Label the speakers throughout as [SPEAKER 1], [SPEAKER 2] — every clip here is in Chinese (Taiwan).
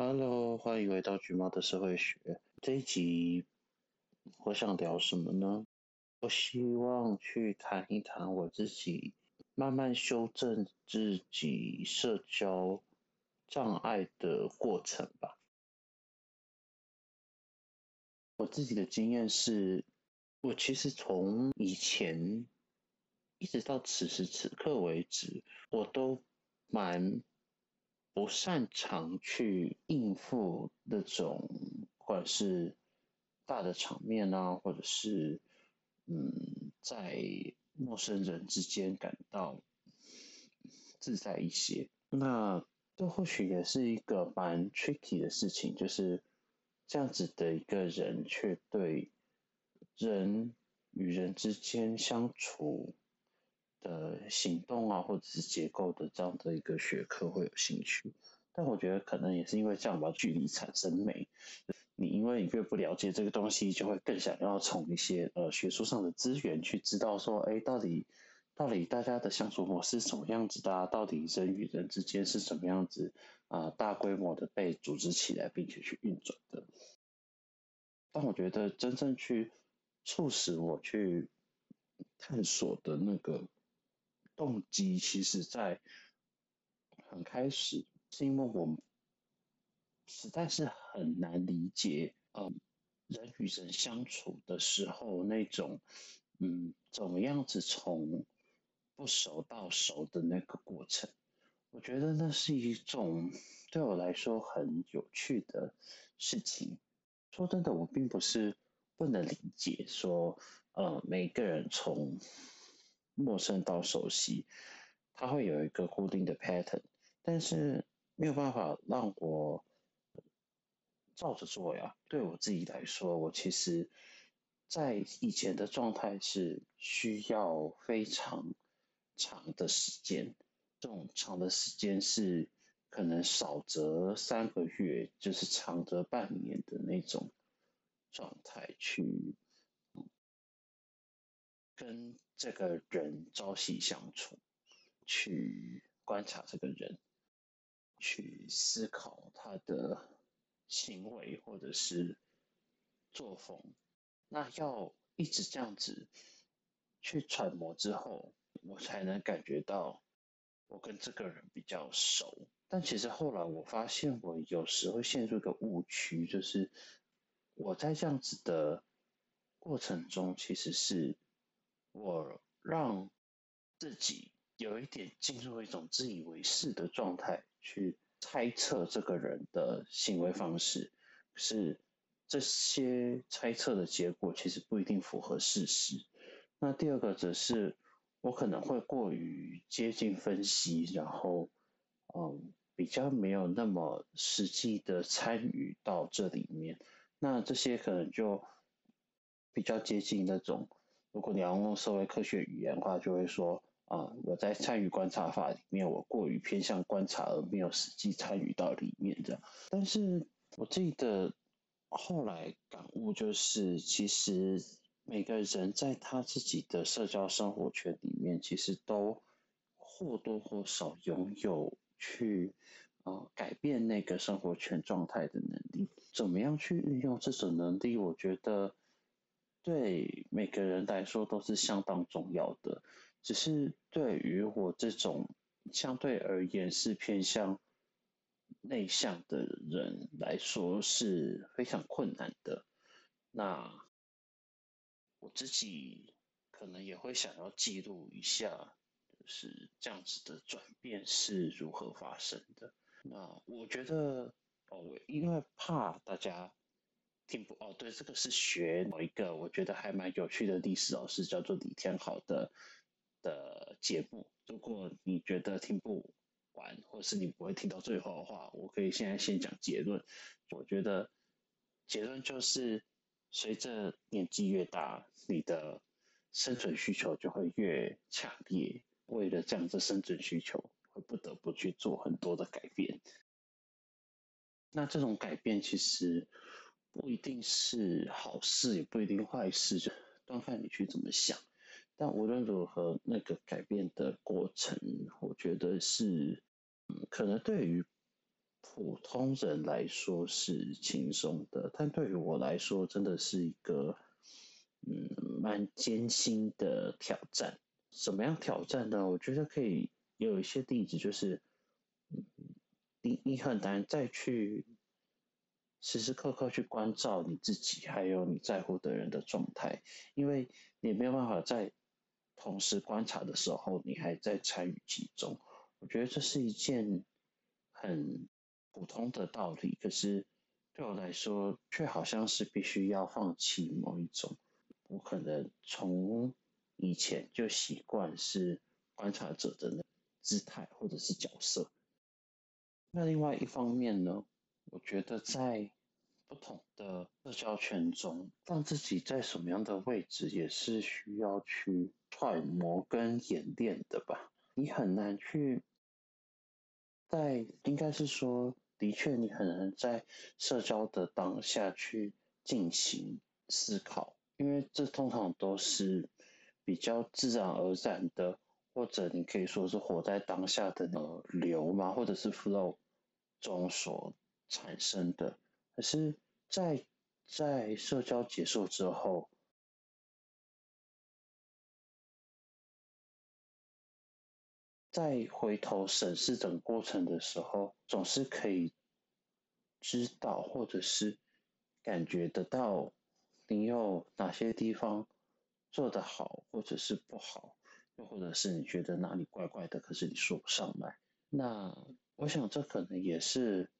[SPEAKER 1] Hello，歡迎回到橘貓的社會學。這一集我想聊什麼呢？我希望去談一談我自己慢慢修正自己社交障礙的過程吧。我自己的經驗是，我其實從以前一直到此時此刻為止，我都蠻。不擅長去應付那種，或者是大的場面啊，或者是嗯，在陌生人之間感到自在一些。那這或許也是一個蠻 tricky 的事情，就是這樣子的一個人，卻對人與人之間相處。的行動啊，或者是結構的這樣的一個學科會有興趣，但我覺得可能也是因為這樣吧，距離產生美。你因為你越不了解這個東西，就會更想要從一些呃學術上的資源去知道說，哎、欸，到底到底大家的相處模式什麼樣子的、啊？到底人與人之間是什麼樣子啊、呃？大規模的被組織起來並且去運轉的。但我覺得真正去促使我去探索的那個。動機其實，在很開始是因為我實在是很難理解，呃，人與人相處的時候那種，嗯，怎麼樣子從不熟到熟的那個過程，我覺得那是一種對我來說很有趣的事情。說真的，我並不是不能理解，說，呃，每個人從。陌生到熟悉，它會有一個固定的 pattern，但是沒有辦法讓我照着做呀！對我自己來說，我其實在以前的狀態是需要非常長的時間，這種長的時間是可能少則三個月，就是長則半年的那種狀態去。跟這個人朝夕相處，去觀察這個人，去思考他的行為或者是作風，那要一直這樣子去揣摩之後，我才能感覺到我跟這個人比較熟。但其實後來我發現，我有時會陷入一個誤區，就是我在這樣子的過程中，其實是。我讓自己有一點進入一種自以為是的狀態，去猜測這個人的行為方式，可是這些猜測的結果其實不一定符合事實。那第二個則是我可能會過於接近分析，然後嗯，比較沒有那麼實際的參與到這裡面，那這些可能就比較接近那種。如果你要用社會科學語言的話，就會說啊、呃，我在參與觀察法裡面，我過於偏向觀察而沒有實際參與到裡面。這樣，但是我自己的後來感悟就是，其實每個人在他自己的社交生活圈裡面，其實都或多或少擁有去啊、呃、改變那個生活圈狀態的能力。怎麼樣去運用這種能力？我覺得。對每個人來說都是相當重要的，只是對於我這種相對而言是偏向內向的人來說是非常困難的。那我自己可能也會想要記錄一下，就是這樣子的轉變是如何發生的。那我覺得，哦，因為怕大家。聽不，哦，對，這個是學某一個我覺得還蠻有趣的歷史老師叫做李天豪的的節目。如果你覺得聽不完，或是你不會聽到最後的話，我可以現在先講結論。我覺得結論就是，隨着年紀越大，你的生存需求就會越強烈。為了這樣的生存需求，會不得不去做很多的改變。那這種改變其實。不一定是好事，也不一定壞事，就端看你去怎麼想。但無論如何，那個改變的過程，我覺得是，嗯，可能對於普通人來說是輕鬆的，但對於我來說，真的是一個，嗯，蠻艱辛的挑戰。什麼樣挑戰呢？我覺得可以有一些例子，就是，你，嗯，你很難再去。時時刻刻去關照你自己，還有你在乎的人的狀態，因為你沒有辦法在同時觀察的時候，你還在參與其中。我覺得這是一件很普通的道理，可是對我來說，卻好像是必須要放棄某一種。我可能從以前就習慣是觀察者的姿態或者是角色。那另外一方面呢？我覺得在不同的社交圈中，讓自己在什麼樣的位置，也是需要去揣摩跟演練的吧。你很難去在，應該是說，的確你很難在社交的當下去進行思考，因為這通常都是比較自然而然的，或者你可以說是活在當下的流嘛，或者是 flow 中所。產生的，可是在，在在社交結束之後，再回頭審視整個過程的時候，總是可以知道或者是感覺得到，你有哪些地方做得好，或者是不好，又或者是你覺得哪裡怪怪的，可是你說不上來。那我想，這可能也是。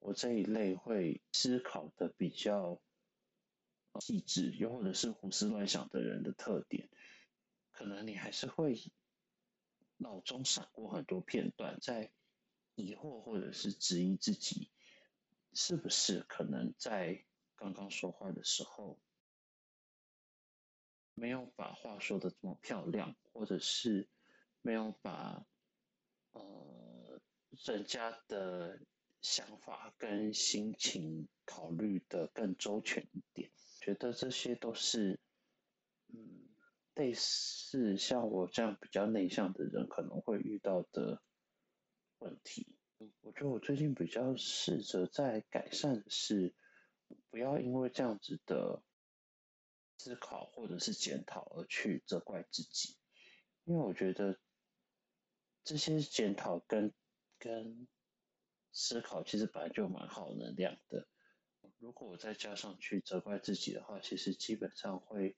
[SPEAKER 1] 我這一類會思考的比較細緻，又或者是胡思亂想的人的特點，可能你還是會腦中閃過很多片段，在疑惑或者是質疑自己，是不是可能在剛剛說話的時候，沒有把話說得這麼漂亮，或者是沒有把呃人家的。想法跟心情考慮的更周全一點，覺得這些都是，嗯，類似像我這樣比較內向的人可能會遇到的問題。我覺得我最近比較試着在改善的是，不要因為這樣子的思考或者是檢討而去責怪自己，因為我覺得這些檢討跟跟，跟思考其實本來就蠻耗能量的，如果我再加上去責怪自己的話，其實基本上會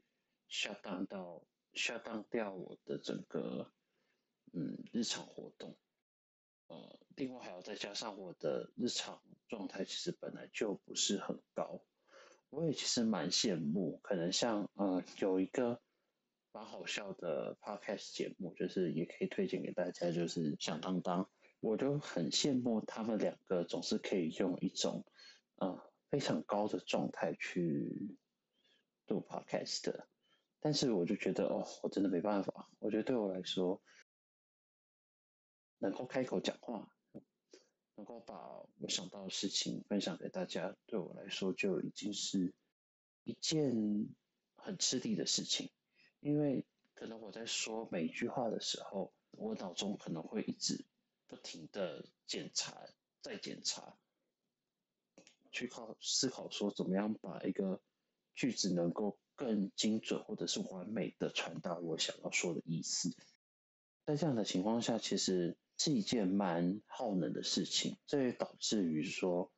[SPEAKER 1] shut down 到 shut down 掉我的整個嗯日常活動，呃，另外還要再加上我的日常狀態其實本來就不是很高，我也其實蠻羨慕，可能像呃有一個蠻好笑的 podcast 節目，就是也可以推薦給大家，就是響噹噹。我就很羨慕他們兩個，總是可以用一種，啊、呃，非常高的狀態去，做 podcast 的。但是我就覺得，哦，我真的沒辦法。我覺得對我來說，能夠開口講話，能夠把我想到的事情分享給大家，對我來說就已經是一件很吃力的事情。因為可能我在說每一句話的時候，我腦中可能會一直。不停的檢查，再檢查，去靠思考說怎麼樣把一個句子能夠更精準或者是完美的傳達我想要說的意思。在這樣的情況下，其實是一件蠻耗能的事情。這也導致於說，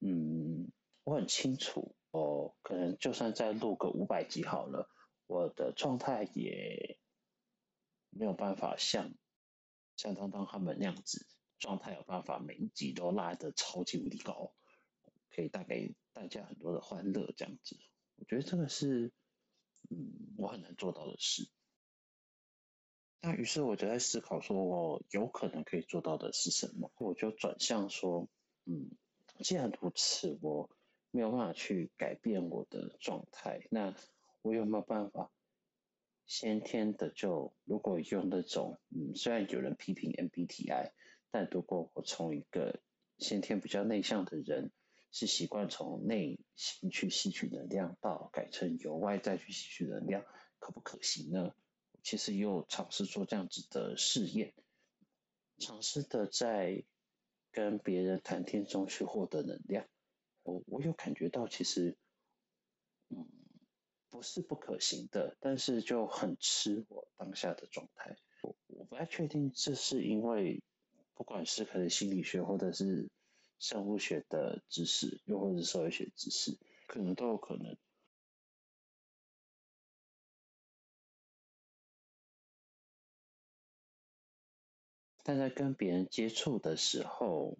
[SPEAKER 1] 嗯，我很清楚，哦，可能就算再錄個五百集好了，我的狀態也沒有辦法像。像當當他們那樣子狀態有辦法，每一集都拉得超級無敵高，可以帶給大家很多的歡樂，這樣子，我覺得這個是，嗯，我很難做到的事。那於是我就在思考，說我有可能可以做到的是什麼？我就轉向說，嗯，既然如此，我沒有辦法去改變我的狀態，那我有沒有辦法？先天的就，如果用那種，嗯，雖然有人批評 MBTI，但如果我從一個先天比較內向的人，是習慣從內心去吸取能量，到改成由外在去吸取能量，可不可行呢？我其實有嘗試做這樣子的試驗，嘗試的在跟別人談天中去獲得能量，我我有感覺到其實，嗯。不是不可行的，但是就很吃我當下的狀態。我，我不太確定，這是因為不管是可能心理學或者是生物學的知識，又或者是社會學知識，可能都有可能。但在跟別人接觸的時候，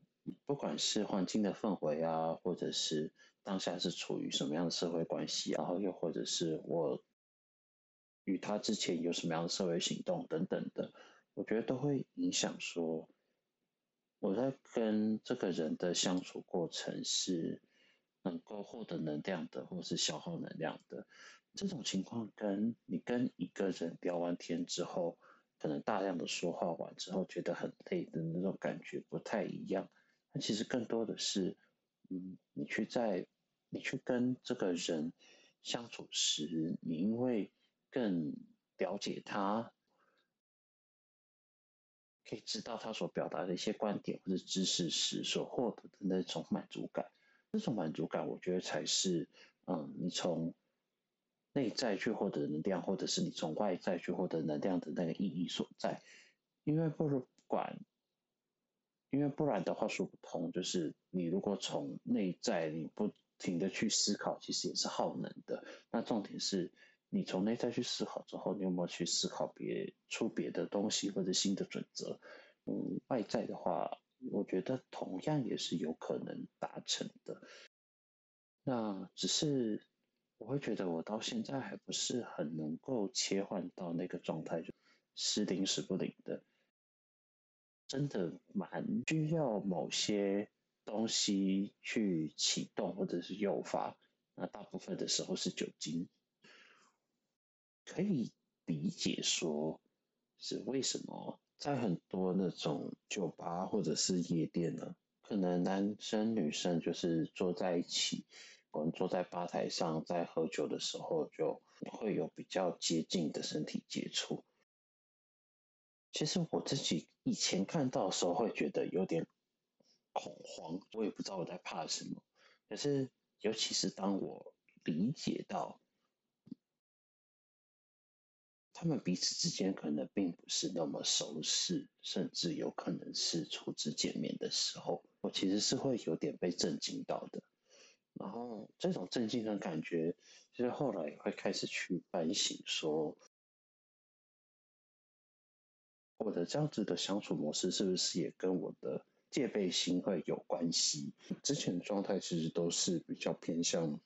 [SPEAKER 1] 不管是環境的氛圍啊，或者是。當下是處於什麼樣的社會關係，然後又或者是我與他之前有什麼樣的社會行動等等的，我覺得都會影響說我在跟這個人的相處過程是能夠獲得能量的，或者是消耗能量的。這種情況跟你跟一個人聊完天之後，可能大量的說話完之後覺得很累的那種感覺不太一樣。那其實更多的是。嗯，你去在，你去跟這個人相處時，你因為更了解他，可以知道他所表達的一些觀點或者知識時，所獲得的那種滿足感，這種滿足感，我覺得才是，嗯，你從內在去獲得能量，或者是你從外在去獲得能量的那個意義所在，因為不管。因為不然的話說不通，就是你如果從內在你不停地去思考，其實也是耗能的。那重點是，你從內在去思考之後，你有沒有去思考別出別的東西或者新的準則？嗯，外在的話，我覺得同樣也是有可能達成的。那只是我會覺得我到現在還不是很能夠切換到那個狀態，就時靈時不靈的。真的蠻需要某些東西去啟動或者是誘發，那大部分的時候是酒精。可以理解說是為什麼在很多那種酒吧或者是夜店呢、啊，可能男生女生就是坐在一起，我們坐在吧台上在喝酒的時候就會有比較接近的身體接觸。其實我自己以前看到的時候會覺得有點恐慌，我也不知道我在怕什麼。可是，尤其是當我理解到他們彼此之間可能並不是那麼熟識，甚至有可能是初次見面的時候，我其實是會有點被震驚到的。然後，這種震驚的感覺，就是後來會開始去反省說。我的這樣子的相處模式是不是也跟我的戒備心會有關係？之前的狀態其實都是比較偏向，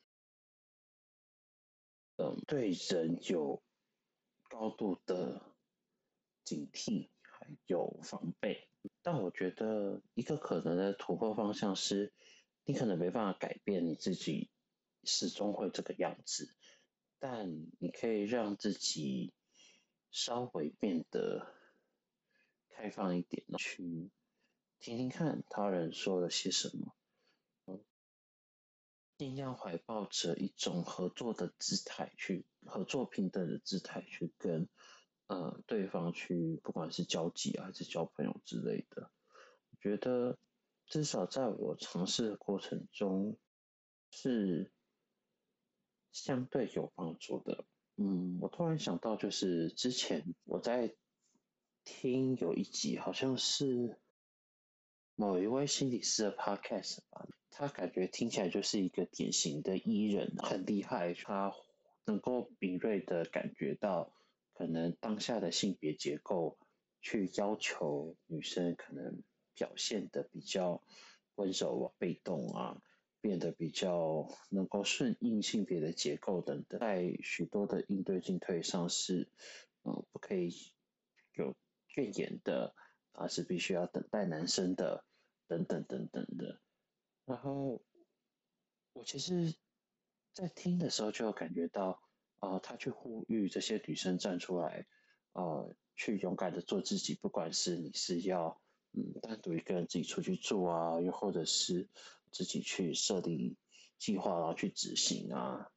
[SPEAKER 1] 嗯，對人有高度的警惕還有防備。但我覺得一個可能的突破方向是，你可能沒辦法改變你自己，始終會這個樣子，但你可以讓自己稍微變得。開放一點，去聽聽看他人說了些什麼，嗯，盡量懷抱着一種合作的姿態去，去合作平等的姿態，去跟呃對方去，不管是交際、啊、還是交朋友之類的，我覺得至少在我嘗試的過程中是相對有幫助的。嗯，我突然想到，就是之前我在。聽有一集好像是某一位心理師的 podcast 吧，他感覺聽起來就是一個典型的 E 人，很厲害，他能夠敏銳地感覺到可能當下的性別結構，去要求女生可能表現得比較溫柔被動啊，變得比較能夠順應性別的結構等等，在許多的應對進退上是，嗯，不可以有。勸演的，而、啊、是必須要等待男生的，等等等等的。然後我其實，在聽的時候就有感覺到，啊、呃，他去呼籲這些女生站出來，啊、呃，去勇敢的做自己。不管是你是要，嗯，單獨一個人自己出去住啊，又或者是自己去設定計劃，然後去執行啊。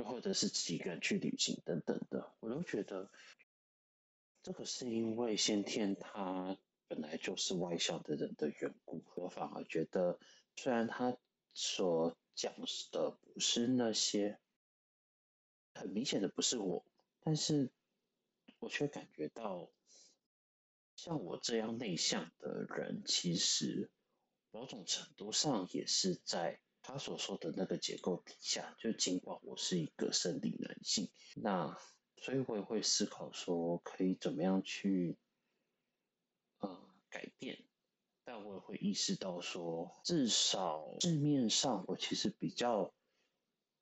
[SPEAKER 1] 又或者是幾個人去旅行等等的，我都覺得這個是因為先天他本來就是外向的人的緣故。我反而覺得，雖然他所講的不是那些很明顯的，不是我，但是我卻感覺到像我這樣內向的人，其實某種程度上也是在。他所說的那個結構底下，就儘管我是一個生理男性，那所以我也會思考說，可以怎麼樣去，呃，改變。但我也會意識到說，至少市面上我其實比較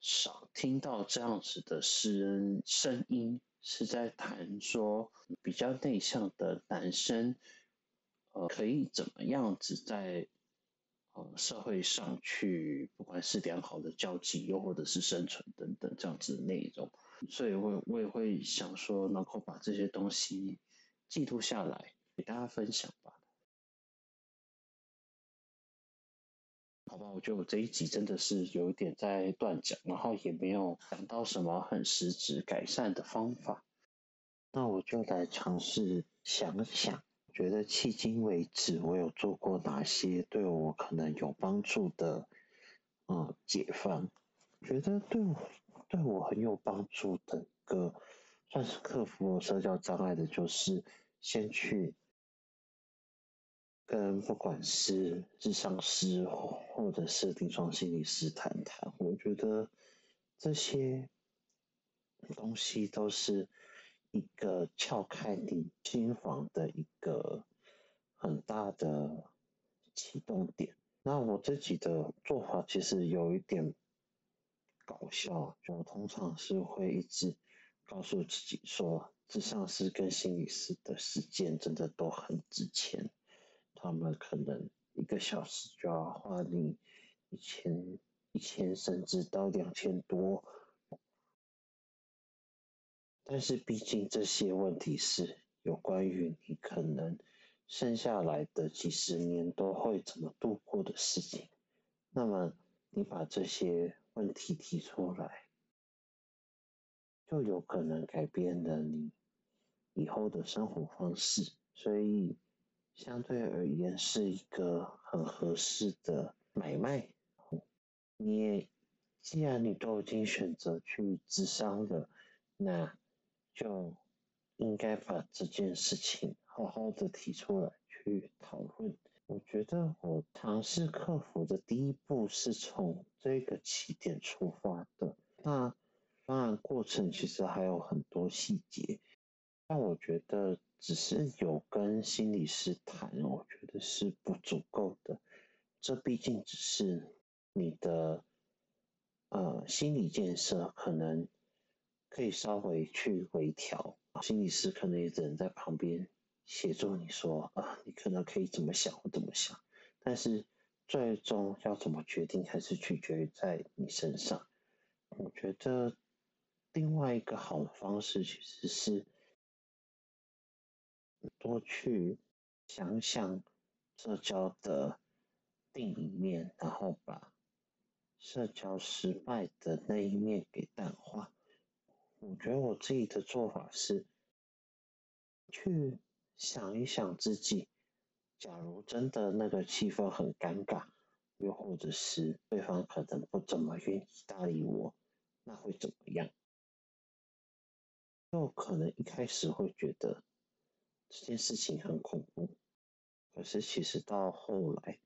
[SPEAKER 1] 少聽到這樣子的詩人聲音，聲音是在談說比較內向的男生，呃，可以怎麼樣子在。社會上去，不管是良好的交際，又或者是生存等等這樣子的內容，所以，我我也會想說，能夠把這些東西記錄下來，給大家分享吧。好吧，我覺得我這一集真的是有一點在斷講，然後也沒有講到什麼很實質改善的方法，那我就來嘗試想一想。覺得迄今為止，我有做過哪些對我可能有幫助的，呃，解放？覺得對我對我很有幫助的一個算是克服我社交障礙的，就是先去跟不管是智商師或者是臨床心理師談談。我覺得這些東西都是。一個撬開你心房的一個很大的啟動點。那我自己的做法其實有一點搞笑，就我通常是會一直告訴自己說，諮商師跟心理師的時間真的都很值錢，他們可能一個小時就要花你一千、一千甚至到兩千多。但是畢竟這些問題是有關於你可能剩下來的幾十年都會怎麼度過的事情，那麼你把這些問題提出來，就有可能改變了你以後的生活方式，所以相對而言是一個很合適的買賣。你既然你都已經選擇去諮商了，那就應該把這件事情好好的提出來去討論。我覺得我嘗試克服的第一步是從這個起點出發的。那當然過程其實還有很多細節，但我覺得只是有跟心理師談，我覺得是不足夠的。這畢竟只是你的呃心理建設可能。可以稍微去微調，心理師可能也只能在旁邊協助你說啊，你可能可以怎麼想我怎麼想，但是最終要怎麼決定還是取決於在你身上。我覺得另外一個好的方式其實是多去想想社交的另一面，然後把社交失敗的那一面給淡化。我覺得我自己的做法是，去想一想自己，假如真的那個氣氛很尷尬，又或者是對方可能不怎麼願意搭理我，那會怎麼樣？就可能一開始會覺得這件事情很恐怖，可是其實到後來，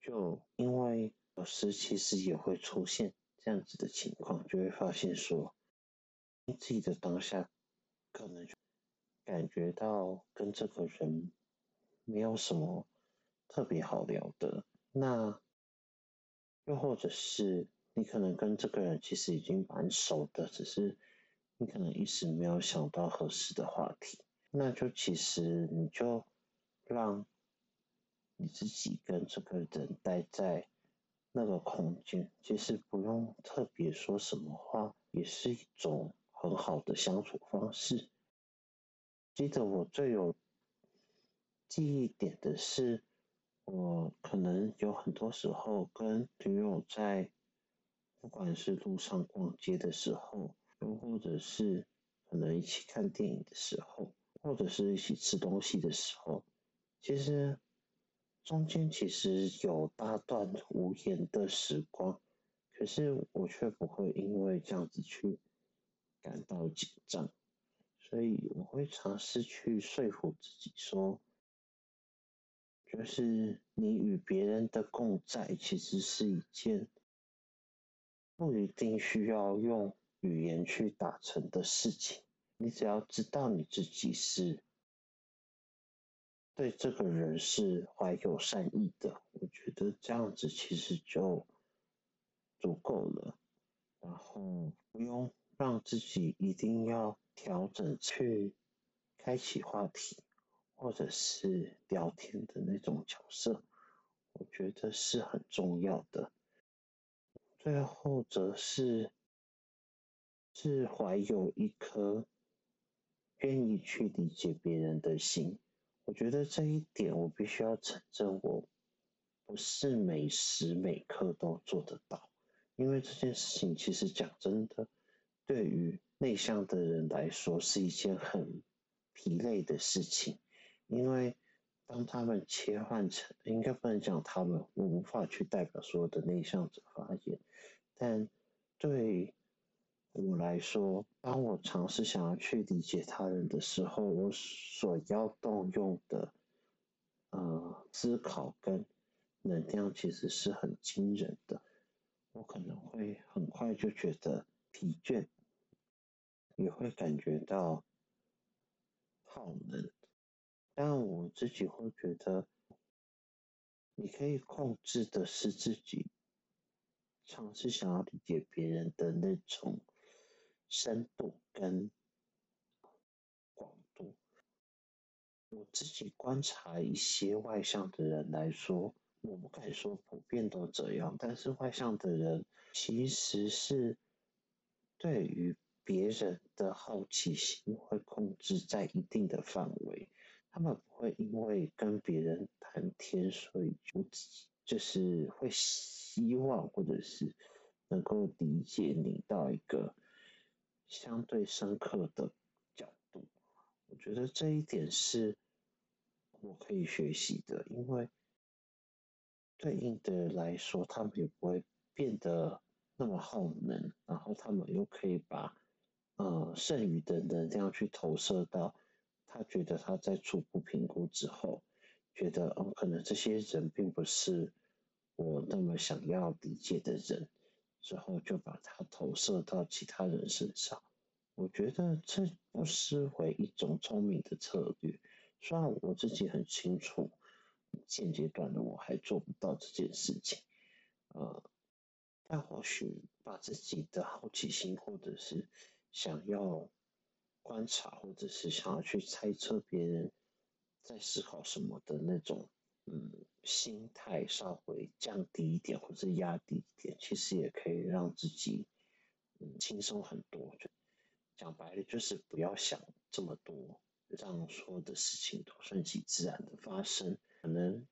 [SPEAKER 1] 就因為有時其實也會出現這樣子的情況，就會發現說。自己的當下，可能就感覺到跟這個人沒有什麼特別好聊的，那又或者是你可能跟這個人其實已經蠻熟的，只是你可能一時沒有想到合適的話題，那就其實你就讓你自己跟這個人待在那個空間，其實不用特別說什麼話，也是一種。很好的相處方式。記得我最有記憶點的是，我可能有很多時候跟女友在，不管是路上逛街的時候，又或者是可能一起看電影的時候，或者是一起吃東西的時候，其實中間其實有大段無言的時光，可是我卻不會因為這樣子去。感到緊張，所以我會嘗試去說服自己說，就是你與別人的共在其實是一件不一定需要用語言去達成的事情。你只要知道你自己是對這個人是懷有善意的，我覺得這樣子其實就足夠了，然後不用。讓自己一定要調整去開啟話題，或者是聊天的那種角色，我覺得是很重要的。最後則是是懷有一顆願意去理解別人的心，我覺得這一點我必須要承認，我不是每時每刻都做得到，因為這件事情其實講真的。對於內向的人來說，是一件很疲累的事情，因為當他們切換成，應該不能講他們，我無法去代表所有的內向者發言。但對我來說，當我嘗試想要去理解他人的時候，我所要動用的呃思考跟能量，其實是很驚人的。我可能會很快就覺得疲倦。你會感覺到耗能，但我自己會覺得，你可以控制的是自己，嘗試想要理解別人的那種深度跟廣度。我自己觀察一些外向的人來說，我不敢說普遍都這樣，但是外向的人其實是對於。別人的好奇心會控制在一定的範圍，他們不會因為跟別人談天，所以就，就是會希望或者是能夠理解你到一個相對深刻的角度。我覺得這一點是我可以學習的，因為對應的來說，他們也不會變得那麼耗能，然後他們又可以把。呃，剩餘的能量去投射到他覺得，他在初步評估之後，覺得哦，呃，可能這些人並不是我那麼想要理解的人，之後就把他投射到其他人身上。我覺得這不失為一種聰明的策略，雖然我自己很清楚現階段的我還做不到這件事情，呃，但或許把自己的好奇心或者是。想要觀察或者是想要去猜測別人在思考什麼的那種，嗯，心態稍微降低一點或者壓低一點，其實也可以讓自己嗯，輕鬆很多。就講白了，就是不要想這麼多，讓所有的事情都順其自然的發生，可能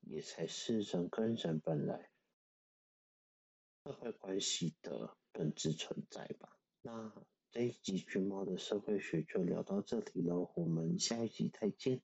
[SPEAKER 1] 也才是人跟人本來社會關係的本質存在吧。那這一集《橘貓的社會學》就聊到這裡了，我們下一集再見。